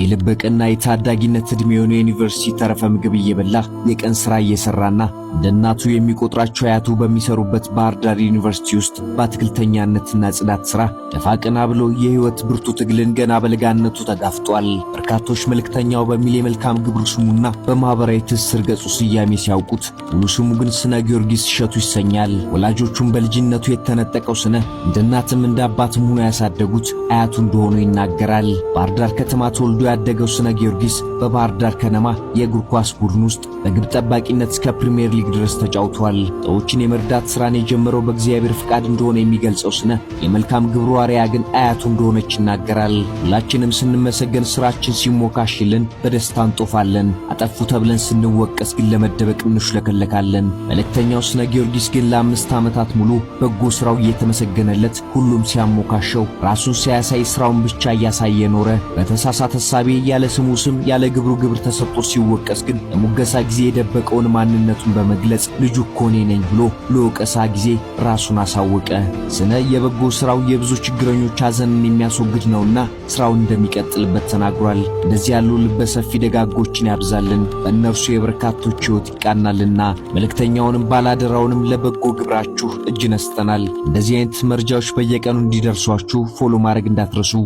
የልበቅና የታዳጊነት የሆነ የዩኒቨርሲቲ ተረፈ ምግብ እየበላ የቀን ስራ እየሰራና። እንደ እናቱ የሚቆጥራቸው አያቱ በሚሰሩበት ባህር ዳር ዩኒቨርሲቲ ውስጥ በአትክልተኛነትና ጽዳት ስራ ደፋ ቀና ብሎ የሕይወት ብርቱ ትግልን ገና በለጋነቱ ተጋፍጧል። በርካቶች መልክተኛው በሚል የመልካም ግብር ስሙና በማኅበራዊ ትስስር ገጹ ስያሜ ሲያውቁት ሙሉ ስሙ ግን ስነ ጊዮርጊስ እሸቱ ይሰኛል። ወላጆቹም በልጅነቱ የተነጠቀው ስነ እንደ እናትም እንደ አባትም ሆኖ ያሳደጉት አያቱ እንደሆኑ ይናገራል። ባህር ዳር ከተማ ተወልዶ ተወልዶ ያደገው ስነ ጊዮርጊስ በባህር ዳር ከነማ የእግር ኳስ ቡድን ውስጥ በግብ ጠባቂነት እስከ ፕሪምየር ሊግ ድረስ ተጫውቷል። ሰዎችን የመርዳት ስራን የጀመረው በእግዚአብሔር ፍቃድ እንደሆነ የሚገልጸው ስነ የመልካም ግብሩ አርያ ግን አያቱ እንደሆነች ይናገራል። ሁላችንም ስንመሰገን ስራችን ሲሞካሽልን በደስታ እንጦፋለን። አጠፉ ተብለን ስንወቀስ ግን ለመደበቅ እንሽለከለካለን። መልእክተኛው ስነ ጊዮርጊስ ግን ለአምስት ዓመታት ሙሉ በጎ ስራው እየተመሰገነለት ሁሉም ሲያሞካሸው ራሱን ሳያሳይ ስራውን ብቻ እያሳየ ኖረ። በተሳሳተ ሐሳቤ ያለ ስሙ ስም ያለ ግብሩ ግብር ተሰጥቶ ሲወቀስ ግን ለሙገሳ ጊዜ የደበቀውን ማንነቱን በመግለጽ ልጁ እኮ እኔ ነኝ ብሎ ለወቀሳ ጊዜ ራሱን አሳወቀ። ስነ የበጎ ስራው የብዙ ችግረኞች ሐዘንን የሚያስወግድ ነውና ስራውን እንደሚቀጥልበት ተናግሯል። እንደዚህ ያሉ ልበሰፊ ደጋጎችን ያብዛልን፣ በእነርሱ የበርካቶች ህይወት ይቃናልና። መልእክተኛውንም ባላደራውንም ለበጎ ግብራችሁ እጅ ነስተናል። እንደዚህ አይነት መረጃዎች በየቀኑ እንዲደርሷችሁ ፎሎ ማድረግ እንዳትረሱ።